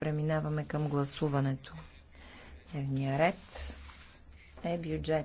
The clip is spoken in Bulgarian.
Преминаваме към гласуването. Дневния ред е бюджет.